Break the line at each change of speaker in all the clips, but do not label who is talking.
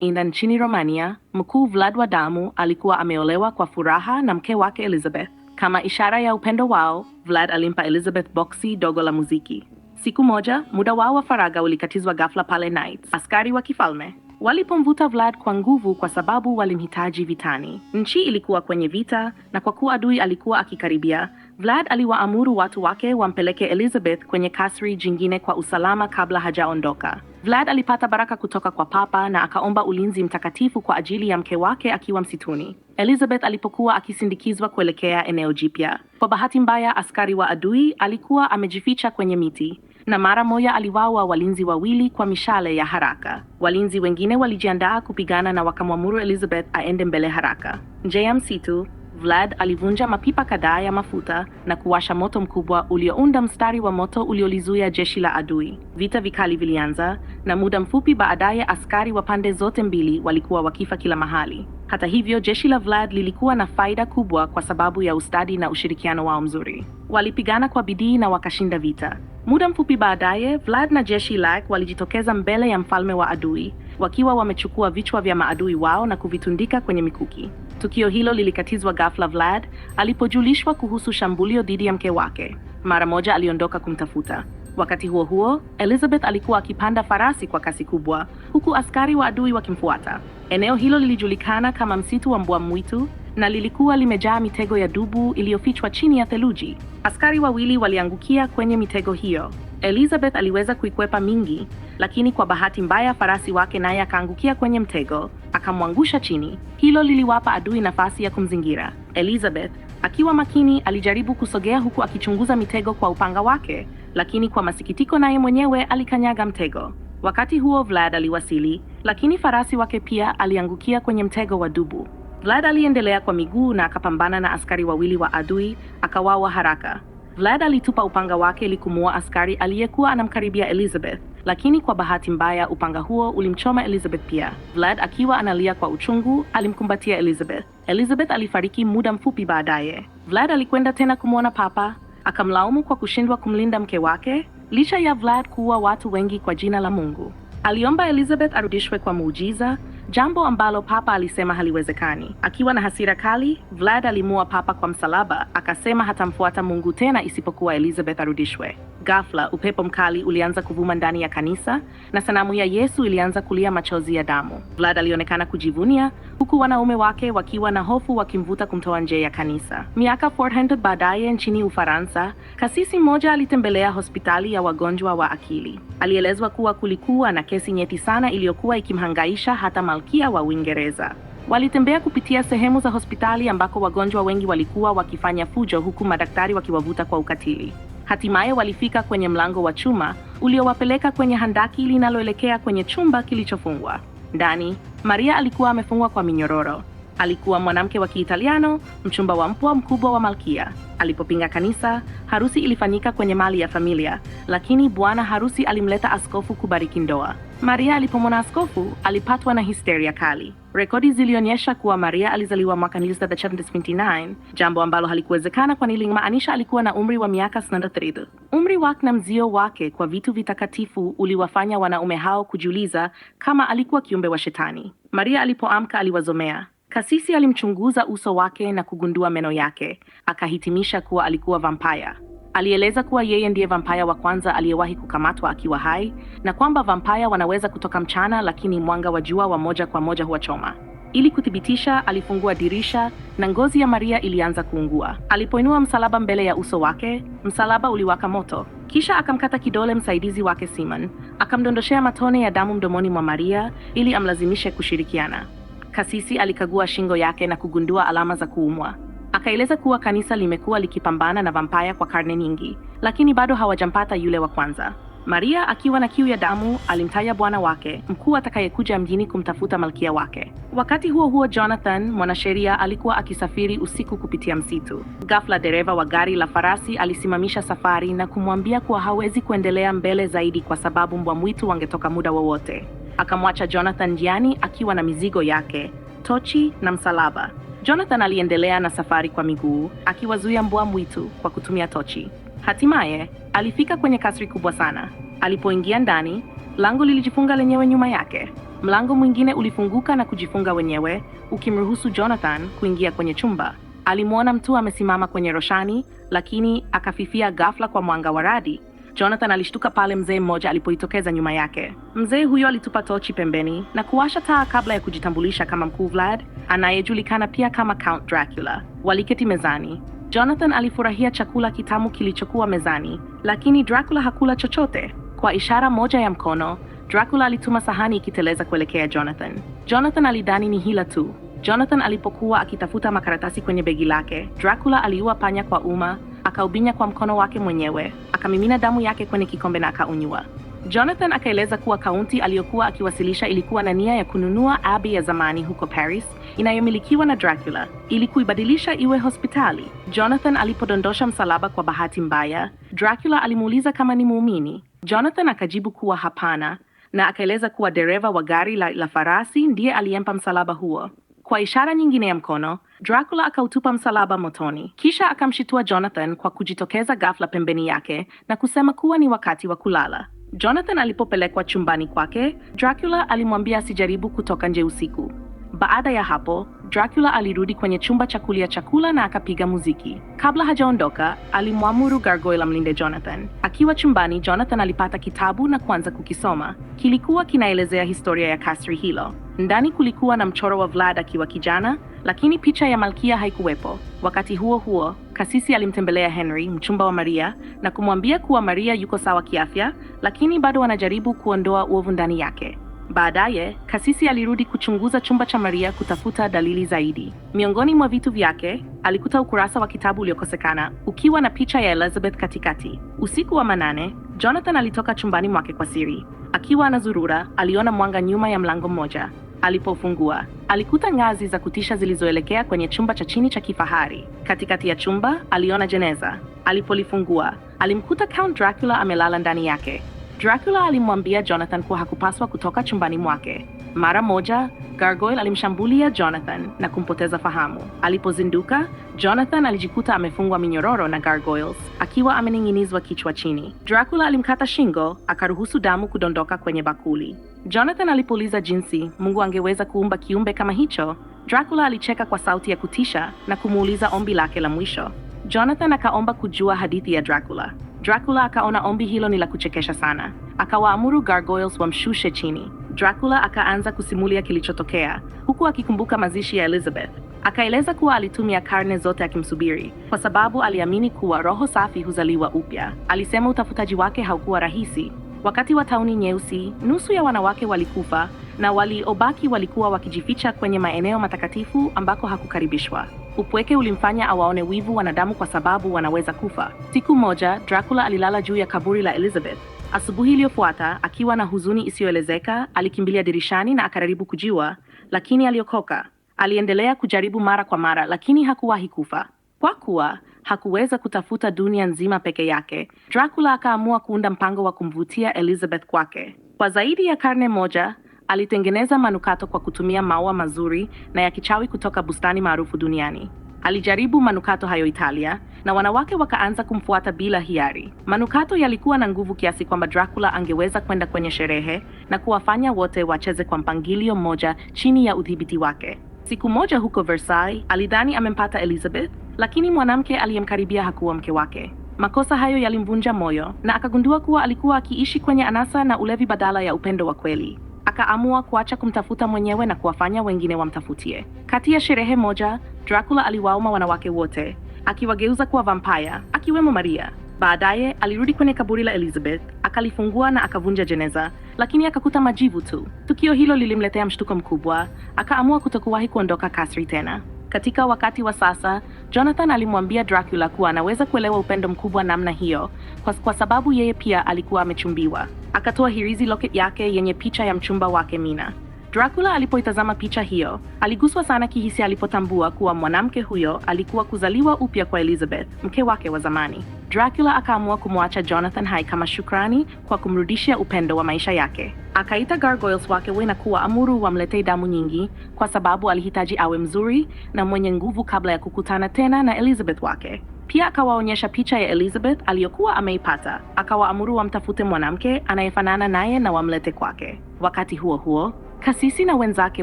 inda nchini Romania, Mkuu Vlad wa Damu alikuwa ameolewa kwa furaha na mke wake Elizabeth. Kama ishara ya upendo wao, Vlad alimpa Elizabeth boksi dogo la muziki. Siku moja, muda wao wa faraga ulikatizwa ghafla pale Knights, askari wa kifalme Walipomvuta Vlad kwa nguvu kwa sababu walimhitaji vitani. Nchi ilikuwa kwenye vita, na kwa kuwa adui alikuwa akikaribia, Vlad aliwaamuru watu wake wampeleke Elizabeth kwenye kasri jingine kwa usalama kabla hajaondoka. Vlad alipata baraka kutoka kwa Papa na akaomba ulinzi mtakatifu kwa ajili ya mke wake akiwa msituni. Elizabeth alipokuwa akisindikizwa kuelekea eneo jipya, kwa bahati mbaya askari wa adui alikuwa amejificha kwenye miti na mara moja aliwaua walinzi wawili kwa mishale ya haraka. Walinzi wengine walijiandaa kupigana na wakamwamuru Elizabeth aende mbele haraka. Nje ya msitu, Vlad alivunja mapipa kadhaa ya mafuta na kuwasha moto mkubwa uliounda mstari wa moto uliolizuia jeshi la adui. Vita vikali vilianza, na muda mfupi baadaye askari wa pande zote mbili walikuwa wakifa kila mahali. Hata hivyo, jeshi la Vlad lilikuwa na faida kubwa kwa sababu ya ustadi na ushirikiano wao mzuri. Walipigana kwa bidii na wakashinda vita. Muda mfupi baadaye, Vlad na jeshi lake walijitokeza mbele ya mfalme wa adui wakiwa wamechukua vichwa vya maadui wao na kuvitundika kwenye mikuki. Tukio hilo lilikatizwa ghafla Vlad alipojulishwa kuhusu shambulio dhidi ya mke wake. Mara moja aliondoka kumtafuta. Wakati huo huo, Elizabeth alikuwa akipanda farasi kwa kasi kubwa, huku askari wa adui wakimfuata. Eneo hilo lilijulikana kama msitu wa mbwa mwitu, na lilikuwa limejaa mitego ya dubu iliyofichwa chini ya theluji. Askari wawili waliangukia kwenye mitego hiyo. Elizabeth aliweza kuikwepa mingi, lakini kwa bahati mbaya farasi wake naye akaangukia kwenye mtego, akamwangusha chini. Hilo liliwapa adui nafasi ya kumzingira. Elizabeth akiwa makini alijaribu kusogea huku akichunguza mitego kwa upanga wake, lakini kwa masikitiko naye mwenyewe alikanyaga mtego. Wakati huo Vlad aliwasili, lakini farasi wake pia aliangukia kwenye mtego wa dubu. Vlad aliendelea kwa miguu na akapambana na askari wawili wa adui, akawawa haraka. Vlad alitupa upanga wake ili askari aliyekuwa anamkaribia Elizabeth, lakini kwa bahati mbaya upanga huo ulimchoma Elizabeth pia. Vlad akiwa analia kwa uchungu, alimkumbatia Elizabeth. Elizabeth alifariki muda mfupi baadaye. Vlad alikwenda tena kumwona Papa, akamlaumu kwa kushindwa kumlinda mke wake, licha ya Vlad kuua watu wengi kwa jina la Mungu. Aliomba Elizabeth arudishwe kwa muujiza, jambo ambalo papa alisema haliwezekani. Akiwa na hasira kali, Vlad alimua papa kwa msalaba, akasema hatamfuata Mungu tena isipokuwa Elizabeth arudishwe. Ghafla upepo mkali ulianza kuvuma ndani ya kanisa na sanamu ya Yesu ilianza kulia machozi ya damu. Vlad alionekana kujivunia huku wanaume wake wakiwa na hofu wakimvuta kumtoa nje ya kanisa. Miaka 400 baadaye nchini Ufaransa, kasisi mmoja alitembelea hospitali ya wagonjwa wa akili. Alielezwa kuwa kulikuwa na kesi nyeti sana iliyokuwa ikimhangaisha hata malkia wa Uingereza. Walitembea kupitia sehemu za hospitali ambako wagonjwa wengi walikuwa wakifanya fujo huku madaktari wakiwavuta kwa ukatili. Hatimaye walifika kwenye mlango wa chuma uliowapeleka kwenye handaki linaloelekea kwenye chumba kilichofungwa. Ndani, Maria alikuwa amefungwa kwa minyororo. Alikuwa mwanamke wa Kiitaliano, mchumba wa mpwa mkubwa wa Malkia. Alipopinga kanisa, harusi ilifanyika kwenye mali ya familia, lakini bwana harusi alimleta askofu kubariki ndoa. Maria alipomwona askofu, alipatwa na histeria kali. Rekodi zilionyesha kuwa Maria alizaliwa mwaka 1979, jambo ambalo halikuwezekana kwani maanisha alikuwa na umri wa miaka 63. Umri wake na mzio wake kwa vitu vitakatifu uliwafanya wanaume hao kujiuliza kama alikuwa kiumbe wa Shetani. Maria alipoamka aliwazomea. Kasisi alimchunguza uso wake na kugundua meno yake, akahitimisha kuwa alikuwa vampire. Alieleza kuwa yeye ndiye vampaya wa kwanza aliyewahi kukamatwa akiwa hai na kwamba vampaya wanaweza kutoka mchana, lakini mwanga wa jua wa moja kwa moja huwachoma. Ili kuthibitisha, alifungua dirisha na ngozi ya Maria ilianza kuungua. Alipoinua msalaba mbele ya uso wake, msalaba uliwaka moto. Kisha akamkata kidole msaidizi wake Simon, akamdondoshea matone ya damu mdomoni mwa Maria ili amlazimishe kushirikiana. Kasisi alikagua shingo yake na kugundua alama za kuumwa. Akaeleza kuwa kanisa limekuwa likipambana na vampaya kwa karne nyingi, lakini bado hawajampata yule wa kwanza. Maria akiwa na kiu ya damu alimtaja bwana wake mkuu atakayekuja mjini kumtafuta malkia wake. Wakati huo huo, Jonathan mwanasheria alikuwa akisafiri usiku kupitia msitu. Ghafla, dereva wa gari la farasi alisimamisha safari na kumwambia kuwa hawezi kuendelea mbele zaidi kwa sababu mbwa mwitu wangetoka muda wowote. Akamwacha Jonathan njiani akiwa na mizigo yake, tochi na msalaba. Jonathan aliendelea na safari kwa miguu, akiwazuia mbwa mwitu kwa kutumia tochi. Hatimaye alifika kwenye kasri kubwa sana. Alipoingia ndani, lango lilijifunga lenyewe nyuma yake. Mlango mwingine ulifunguka na kujifunga wenyewe, ukimruhusu Jonathan kuingia kwenye chumba. Alimwona mtu amesimama kwenye roshani, lakini akafifia ghafla kwa mwanga wa radi. Jonathan alishtuka pale mzee mmoja alipoitokeza nyuma yake. Mzee huyo alitupa tochi pembeni na kuwasha taa kabla ya kujitambulisha kama Mkuu Vlad, anayejulikana pia kama Count Dracula. Waliketi mezani. Jonathan alifurahia chakula kitamu kilichokuwa mezani, lakini Dracula hakula chochote. Kwa ishara moja ya mkono, Dracula alituma sahani ikiteleza kuelekea Jonathan. Jonathan alidhani ni hila tu. Jonathan alipokuwa akitafuta makaratasi kwenye begi lake, Dracula aliua panya kwa uma, akaubinya kwa mkono wake mwenyewe akamimina damu yake kwenye kikombe na akaunywa. Jonathan akaeleza kuwa kaunti aliyokuwa akiwasilisha ilikuwa na nia ya kununua abi ya zamani huko Paris inayomilikiwa na Dracula ili kuibadilisha iwe hospitali. Jonathan alipodondosha msalaba kwa bahati mbaya, Dracula alimuuliza kama ni muumini. Jonathan akajibu kuwa hapana, na akaeleza kuwa dereva wa gari la, la farasi ndiye aliyempa msalaba huo. Kwa ishara nyingine ya mkono, Dracula akautupa msalaba motoni, kisha akamshitua Jonathan kwa kujitokeza ghafla pembeni yake na kusema kuwa ni wakati wa kulala. Jonathan alipopelekwa chumbani kwake, Dracula alimwambia asijaribu kutoka nje usiku. Baada ya hapo Dracula alirudi kwenye chumba cha kulia chakula na akapiga muziki. Kabla hajaondoka, alimwamuru gargoyle amlinde Jonathan. Akiwa chumbani, Jonathan alipata kitabu na kuanza kukisoma. Kilikuwa kinaelezea historia ya kasri hilo. Ndani kulikuwa na mchoro wa Vlad akiwa kijana, lakini picha ya malkia haikuwepo. Wakati huo huo, kasisi alimtembelea Henry, mchumba wa Maria, na kumwambia kuwa Maria yuko sawa kiafya, lakini bado wanajaribu kuondoa uovu ndani yake. Baadaye kasisi alirudi kuchunguza chumba cha Maria kutafuta dalili zaidi. Miongoni mwa vitu vyake alikuta ukurasa wa kitabu uliokosekana ukiwa na picha ya Elizabeth katikati. Usiku wa manane, Jonathan alitoka chumbani mwake kwa siri. Akiwa anazurura, aliona mwanga nyuma ya mlango mmoja. Alipofungua, alikuta ngazi za kutisha zilizoelekea kwenye chumba cha chini cha kifahari. Katikati ya chumba, aliona jeneza. Alipolifungua, alimkuta Count Dracula amelala ndani yake. Dracula alimwambia Jonathan kuwa hakupaswa kutoka chumbani mwake. Mara moja, Gargoyle alimshambulia Jonathan na kumpoteza fahamu. Alipozinduka, Jonathan alijikuta amefungwa minyororo na Gargoyles, akiwa amening'inizwa kichwa chini. Dracula alimkata shingo, akaruhusu damu kudondoka kwenye bakuli. Jonathan alipuliza jinsi Mungu angeweza kuumba kiumbe kama hicho. Dracula alicheka kwa sauti ya kutisha na kumuuliza ombi lake la mwisho. Jonathan akaomba kujua hadithi ya Dracula. Dracula akaona ombi hilo ni la kuchekesha sana, akawaamuru gargoyles wamshushe chini. Dracula akaanza kusimulia kilichotokea huku akikumbuka mazishi ya Elizabeth. Akaeleza kuwa alitumia karne zote akimsubiri kwa sababu aliamini kuwa roho safi huzaliwa upya. Alisema utafutaji wake haukuwa rahisi. Wakati wa tauni nyeusi, nusu ya wanawake walikufa na waliobaki walikuwa wakijificha kwenye maeneo matakatifu ambako hakukaribishwa. Upweke ulimfanya awaone wivu wanadamu kwa sababu wanaweza kufa. Siku moja, Dracula alilala juu ya kaburi la Elizabeth. Asubuhi iliyofuata, akiwa na huzuni isiyoelezeka, alikimbilia dirishani na akajaribu kujiua, lakini aliokoka. Aliendelea kujaribu mara kwa mara, lakini hakuwahi kufa. Kwa kuwa hakuweza kutafuta dunia nzima peke yake, Dracula akaamua kuunda mpango wa kumvutia Elizabeth kwake. Kwa zaidi ya karne moja, Alitengeneza manukato kwa kutumia maua mazuri na ya kichawi kutoka bustani maarufu duniani. Alijaribu manukato hayo Italia na wanawake wakaanza kumfuata bila hiari. Manukato yalikuwa na nguvu kiasi kwamba Dracula angeweza kwenda kwenye sherehe na kuwafanya wote wacheze kwa mpangilio mmoja chini ya udhibiti wake. Siku moja huko Versailles, alidhani amempata Elizabeth, lakini mwanamke aliyemkaribia hakuwa mke wake. Makosa hayo yalimvunja moyo na akagundua kuwa alikuwa akiishi kwenye anasa na ulevi badala ya upendo wa kweli akaamua kuacha kumtafuta mwenyewe na kuwafanya wengine wamtafutie. Kati ya sherehe moja, Dracula aliwaoma wanawake wote, akiwageuza kuwa vampaya, akiwemo Maria. Baadaye alirudi kwenye kaburi la Elizabeth, akalifungua na akavunja jeneza, lakini akakuta majivu tu. Tukio hilo lilimletea mshtuko mkubwa, akaamua kutokuwahi kuondoka kasri tena. Katika wakati wa sasa, Jonathan alimwambia Dracula kuwa anaweza kuelewa upendo mkubwa namna hiyo kwa, kwa sababu yeye pia alikuwa amechumbiwa. Akatoa hirizi locket yake yenye picha ya mchumba wake Mina. Dracula alipoitazama picha hiyo, aliguswa sana kihisi alipotambua kuwa mwanamke huyo alikuwa kuzaliwa upya kwa Elizabeth, mke wake wa zamani. Dracula akaamua kumwacha Jonathan hai kama shukrani kwa kumrudishia upendo wa maisha yake. Akaita gargoyles wake we na kuwa amuru wamletee damu nyingi, kwa sababu alihitaji awe mzuri na mwenye nguvu kabla ya kukutana tena na Elizabeth wake. Pia akawaonyesha picha ya Elizabeth aliyokuwa ameipata, akawaamuru wamtafute mwanamke anayefanana naye na wamlete kwake. Wakati huo huo Kasisi na wenzake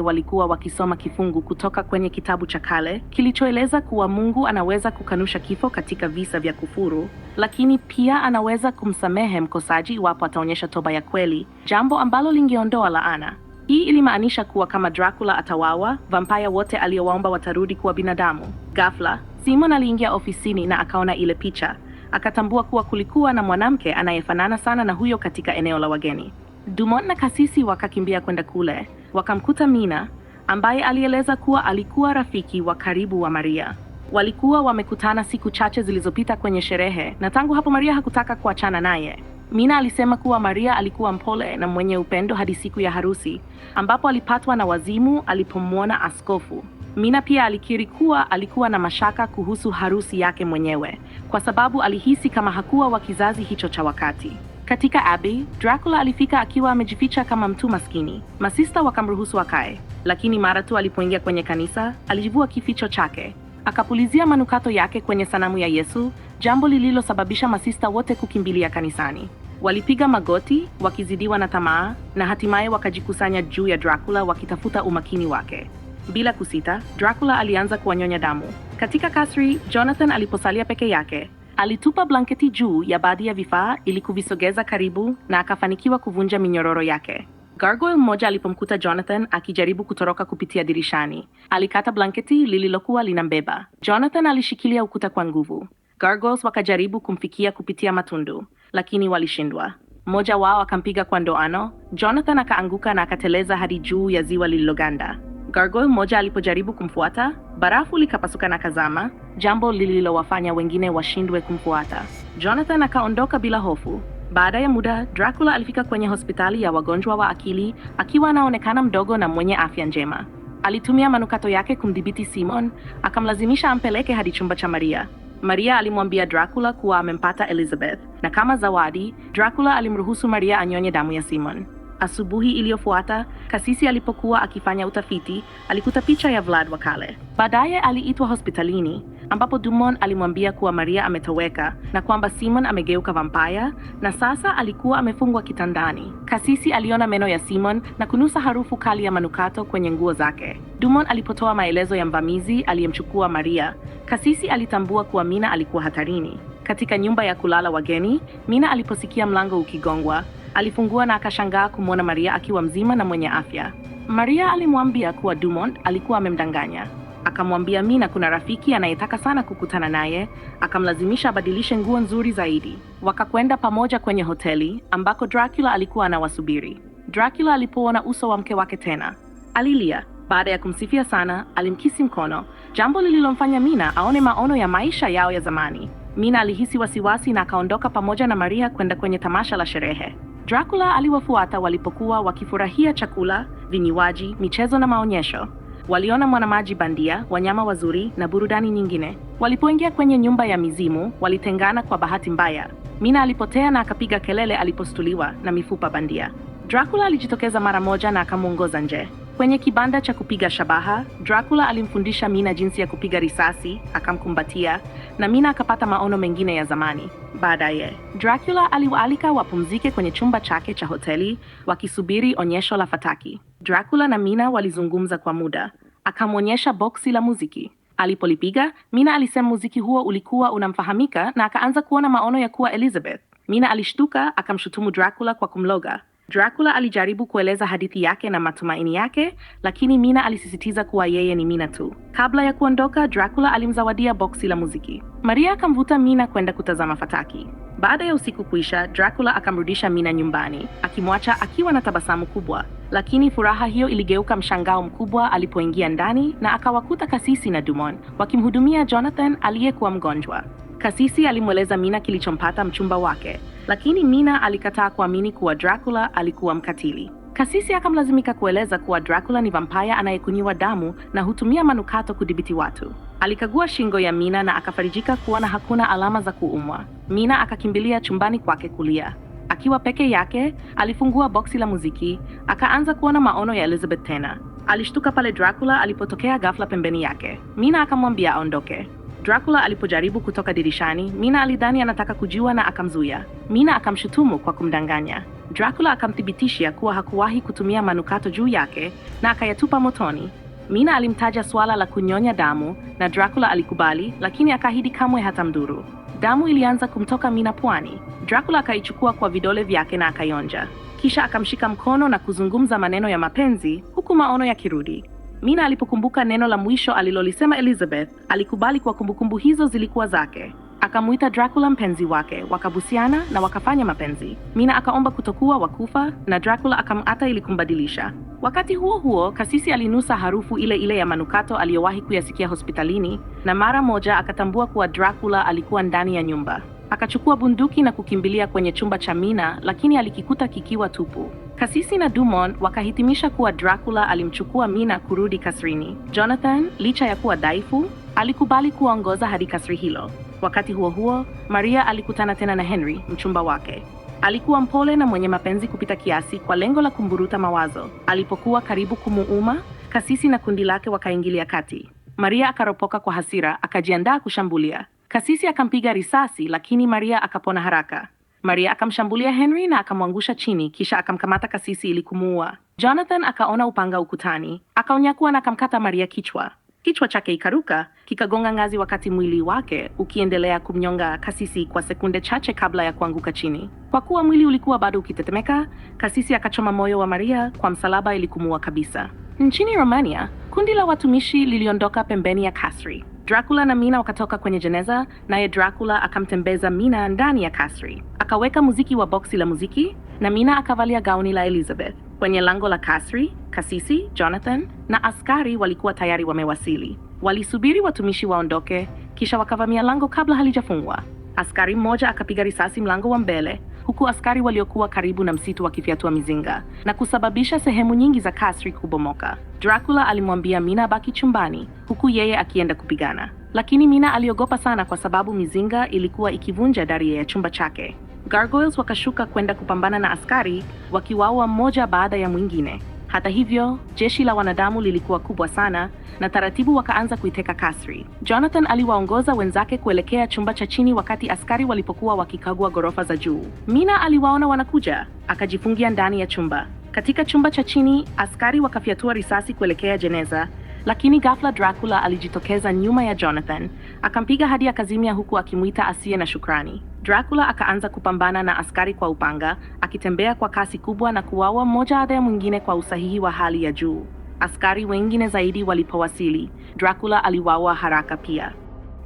walikuwa wakisoma kifungu kutoka kwenye kitabu cha kale kilichoeleza kuwa Mungu anaweza kukanusha kifo katika visa vya kufuru, lakini pia anaweza kumsamehe mkosaji iwapo ataonyesha toba ya kweli, jambo ambalo lingeondoa laana. Hii ilimaanisha kuwa kama Dracula atawawa, vampaya wote aliyowaomba watarudi kuwa binadamu. Ghafla, Simon aliingia ofisini na akaona ile picha, akatambua kuwa kulikuwa na mwanamke anayefanana sana na huyo katika eneo la wageni. Dumont na kasisi wakakimbia kwenda kule, wakamkuta Mina ambaye alieleza kuwa alikuwa rafiki wa karibu wa Maria. Walikuwa wamekutana siku chache zilizopita kwenye sherehe, na tangu hapo Maria hakutaka kuachana naye. Mina alisema kuwa Maria alikuwa mpole na mwenye upendo hadi siku ya harusi, ambapo alipatwa na wazimu alipomwona askofu. Mina pia alikiri kuwa alikuwa na mashaka kuhusu harusi yake mwenyewe, kwa sababu alihisi kama hakuwa wa kizazi hicho cha wakati. Katika Abbey, Dracula alifika akiwa amejificha kama mtu maskini. Masista wakamruhusu akae, lakini mara tu alipoingia kwenye kanisa, alijivua kificho chake. Akapulizia manukato yake kwenye sanamu ya Yesu, jambo lililosababisha masista wote kukimbilia kanisani. Walipiga magoti wakizidiwa na tamaa, na hatimaye wakajikusanya juu ya Dracula wakitafuta umakini wake. Bila kusita, Dracula alianza kuwanyonya damu. Katika kasri, Jonathan aliposalia peke yake, Alitupa blanketi juu ya baadhi ya vifaa ili kuvisogeza karibu na akafanikiwa kuvunja minyororo yake. Gargoyle mmoja alipomkuta Jonathan akijaribu kutoroka kupitia dirishani, alikata blanketi lililokuwa linambeba. Jonathan alishikilia ukuta kwa nguvu. Gargoyles wakajaribu kumfikia kupitia matundu, lakini walishindwa. Mmoja wao akampiga kwa ndoano. Jonathan akaanguka na akateleza hadi juu ya ziwa lililoganda. Gargoyle mmoja alipojaribu kumfuata, barafu likapasuka na kazama, jambo lililowafanya wengine washindwe kumfuata. Jonathan akaondoka bila hofu. Baada ya muda, Dracula alifika kwenye hospitali ya wagonjwa wa akili akiwa anaonekana mdogo na mwenye afya njema. Alitumia manukato yake kumdhibiti Simon, akamlazimisha ampeleke hadi chumba cha Maria. Maria alimwambia Dracula kuwa amempata Elizabeth, na kama zawadi, Dracula alimruhusu Maria anyonye damu ya Simon. Asubuhi iliyofuata, kasisi alipokuwa akifanya utafiti, alikuta picha ya Vlad wa kale. Baadaye aliitwa hospitalini ambapo Dumont alimwambia kuwa Maria ametoweka na kwamba Simon amegeuka vampaya na sasa alikuwa amefungwa kitandani. Kasisi aliona meno ya Simon na kunusa harufu kali ya manukato kwenye nguo zake. Dumont alipotoa maelezo ya mvamizi aliyemchukua Maria, kasisi alitambua kuwa Mina alikuwa hatarini. Katika nyumba ya kulala wageni, Mina aliposikia mlango ukigongwa Alifungua na akashangaa kumwona Maria akiwa mzima na mwenye afya. Maria alimwambia kuwa Dumont alikuwa amemdanganya. Akamwambia Mina kuna rafiki anayetaka sana kukutana naye, akamlazimisha abadilishe nguo nzuri zaidi. Wakakwenda pamoja kwenye hoteli ambako Dracula alikuwa anawasubiri. Dracula alipoona uso wa mke wake tena alilia. Baada ya kumsifia sana, alimkisi mkono, jambo lililomfanya Mina aone maono ya maisha yao ya zamani. Mina alihisi wasiwasi na akaondoka pamoja na Maria kwenda kwenye tamasha la sherehe. Dracula aliwafuata walipokuwa wakifurahia chakula, vinywaji, michezo na maonyesho. Waliona mwanamaji bandia, wanyama wazuri na burudani nyingine. Walipoingia kwenye nyumba ya mizimu, walitengana kwa bahati mbaya. Mina alipotea na akapiga kelele alipostuliwa na mifupa bandia. Dracula alijitokeza mara moja na akamwongoza nje. Kwenye kibanda cha kupiga shabaha, Dracula alimfundisha Mina jinsi ya kupiga risasi, akamkumbatia na Mina akapata maono mengine ya zamani. Baadaye, Dracula aliwaalika wapumzike kwenye chumba chake cha hoteli wakisubiri onyesho la fataki. Dracula na Mina walizungumza kwa muda, akamwonyesha boksi la muziki. Alipolipiga, Mina alisema muziki huo ulikuwa unamfahamika na akaanza kuona maono ya kuwa Elizabeth. Mina alishtuka akamshutumu Dracula kwa kumloga. Dracula alijaribu kueleza hadithi yake na matumaini yake, lakini Mina alisisitiza kuwa yeye ni Mina tu. Kabla ya kuondoka, Dracula alimzawadia boksi la muziki. Maria akamvuta Mina kwenda kutazama fataki. Baada ya usiku kuisha, Dracula akamrudisha Mina nyumbani, akimwacha akiwa na tabasamu kubwa, lakini furaha hiyo iligeuka mshangao mkubwa alipoingia ndani na akawakuta Kasisi na dumon wakimhudumia Jonathan aliyekuwa mgonjwa. Kasisi alimweleza Mina kilichompata mchumba wake lakini Mina alikataa kuamini kuwa Dracula alikuwa mkatili. Kasisi akamlazimika kueleza kuwa Dracula ni vampaya anayekunywa damu na hutumia manukato kudhibiti watu. Alikagua shingo ya Mina na akafarijika kuona hakuna alama za kuumwa. Mina akakimbilia chumbani kwake kulia. Akiwa peke yake, alifungua boksi la muziki, akaanza kuona maono ya Elizabeth tena. Alishtuka pale Dracula alipotokea ghafla pembeni yake. Mina akamwambia aondoke. Dracula alipojaribu kutoka dirishani, Mina alidhani anataka kujiua na akamzuia. Mina akamshutumu kwa kumdanganya. Dracula akamthibitishia kuwa hakuwahi kutumia manukato juu yake na akayatupa motoni. Mina alimtaja suala la kunyonya damu na Dracula alikubali, lakini akaahidi kamwe hatamdhuru. Damu ilianza kumtoka Mina puani. Dracula akaichukua kwa vidole vyake na akaionja, kisha akamshika mkono na kuzungumza maneno ya mapenzi huku maono yakirudi. Mina alipokumbuka neno la mwisho alilolisema Elizabeth, alikubali kwa kumbukumbu hizo zilikuwa zake. Akamuita Dracula mpenzi wake, wakabusiana na wakafanya mapenzi. Mina akaomba kutokuwa wakufa na Dracula akamata ili kumbadilisha. Wakati huo huo, kasisi alinusa harufu ile ile ya manukato aliyowahi kuyasikia hospitalini na mara moja akatambua kuwa Dracula alikuwa ndani ya nyumba. Akachukua bunduki na kukimbilia kwenye chumba cha Mina, lakini alikikuta kikiwa tupu. Kasisi na Dumont wakahitimisha kuwa Dracula alimchukua Mina kurudi kasrini. Jonathan, licha ya kuwa dhaifu, alikubali kuwaongoza hadi kasri hilo. Wakati huo huo, Maria alikutana tena na Henry, mchumba wake. Alikuwa mpole na mwenye mapenzi kupita kiasi kwa lengo la kumburuta mawazo. Alipokuwa karibu kumuuma, kasisi na kundi lake wakaingilia kati. Maria akaropoka kwa hasira, akajiandaa kushambulia. Kasisi akampiga risasi, lakini Maria akapona haraka. Maria akamshambulia Henry na akamwangusha chini, kisha akamkamata kasisi ili kumuua. Jonathan akaona upanga ukutani, akaonyakuwa na akamkata Maria kichwa. Kichwa chake ikaruka kikagonga ngazi, wakati mwili wake ukiendelea kumnyonga kasisi kwa sekunde chache kabla ya kuanguka chini. Kwa kuwa mwili ulikuwa bado ukitetemeka, kasisi akachoma moyo wa Maria kwa msalaba ili kumuua kabisa. Nchini Romania, kundi la watumishi liliondoka pembeni ya kasri. Dracula na Mina wakatoka kwenye jeneza, naye Dracula akamtembeza Mina ndani ya kasri, akaweka muziki wa boksi la muziki, na Mina akavalia gauni la Elizabeth. Kwenye lango la kasri, kasisi Jonathan na askari walikuwa tayari wamewasili. Walisubiri watumishi waondoke, kisha wakavamia lango kabla halijafungwa. Askari mmoja akapiga risasi mlango wa mbele huku askari waliokuwa karibu na msitu wakifyatua mizinga na kusababisha sehemu nyingi za kasri kubomoka. Dracula alimwambia Mina abaki chumbani huku yeye akienda kupigana, lakini Mina aliogopa sana kwa sababu mizinga ilikuwa ikivunja dari ya chumba chake. Gargoyles wakashuka kwenda kupambana na askari wakiwaua mmoja baada ya mwingine. Hata hivyo, jeshi la wanadamu lilikuwa kubwa sana na taratibu wakaanza kuiteka kasri. Jonathan aliwaongoza wenzake kuelekea chumba cha chini wakati askari walipokuwa wakikagua ghorofa za juu. Mina aliwaona wanakuja, akajifungia ndani ya chumba. Katika chumba cha chini, askari wakafyatua risasi kuelekea jeneza lakini ghafla Dracula alijitokeza nyuma ya Jonathan, akampiga hadi akazimia huku akimwita asiye na shukrani. Dracula akaanza kupambana na askari kwa upanga, akitembea kwa kasi kubwa na kuwaua mmoja baada ya mwingine kwa usahihi wa hali ya juu. Askari wengine zaidi walipowasili, Dracula aliwaua haraka pia.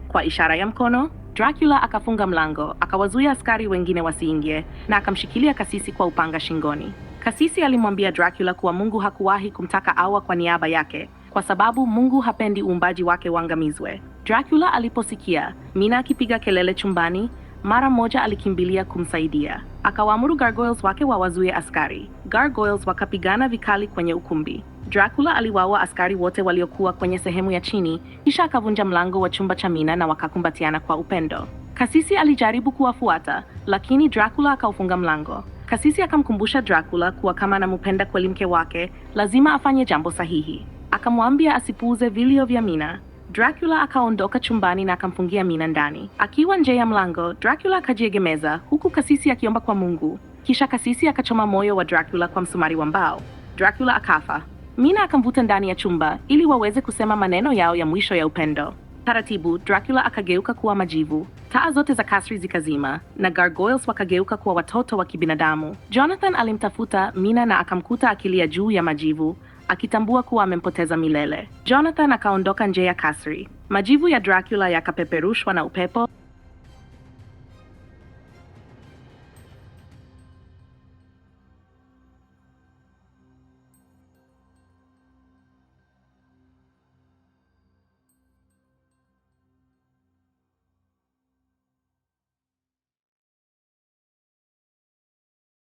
Kwa ishara ya mkono, Dracula akafunga mlango, akawazuia askari wengine wasiingie na akamshikilia kasisi kwa upanga shingoni. Kasisi alimwambia Dracula kuwa Mungu hakuwahi kumtaka awa kwa niaba yake, kwa sababu Mungu hapendi uumbaji wake wangamizwe. Dracula aliposikia Mina akipiga kelele chumbani, mara moja alikimbilia kumsaidia. Akawaamuru gargoyles wake wawazuie askari. Gargoyles wakapigana vikali kwenye ukumbi. Dracula aliwaua askari wote waliokuwa kwenye sehemu ya chini, kisha akavunja mlango wa chumba cha Mina na wakakumbatiana kwa upendo. Kasisi alijaribu kuwafuata, lakini Dracula akaufunga mlango. Kasisi akamkumbusha Dracula kuwa kama anamupenda kweli mke wake, lazima afanye jambo sahihi akamwambia asipuuze vilio vya Mina. Dracula akaondoka chumbani na akamfungia Mina ndani. Akiwa nje ya mlango, Dracula akajiegemeza huku kasisi akiomba kwa Mungu. Kisha kasisi akachoma moyo wa Dracula kwa msumari wa mbao. Dracula akafa. Mina akamvuta ndani ya chumba ili waweze kusema maneno yao ya mwisho ya upendo. Taratibu, Dracula akageuka kuwa majivu. Taa zote za kasri zikazima na gargoyles wakageuka kuwa watoto wa kibinadamu. Jonathan alimtafuta Mina na akamkuta akilia juu ya majivu akitambua kuwa amempoteza milele. Jonathan akaondoka nje ya kasri. Majivu ya Dracula yakapeperushwa na upepo,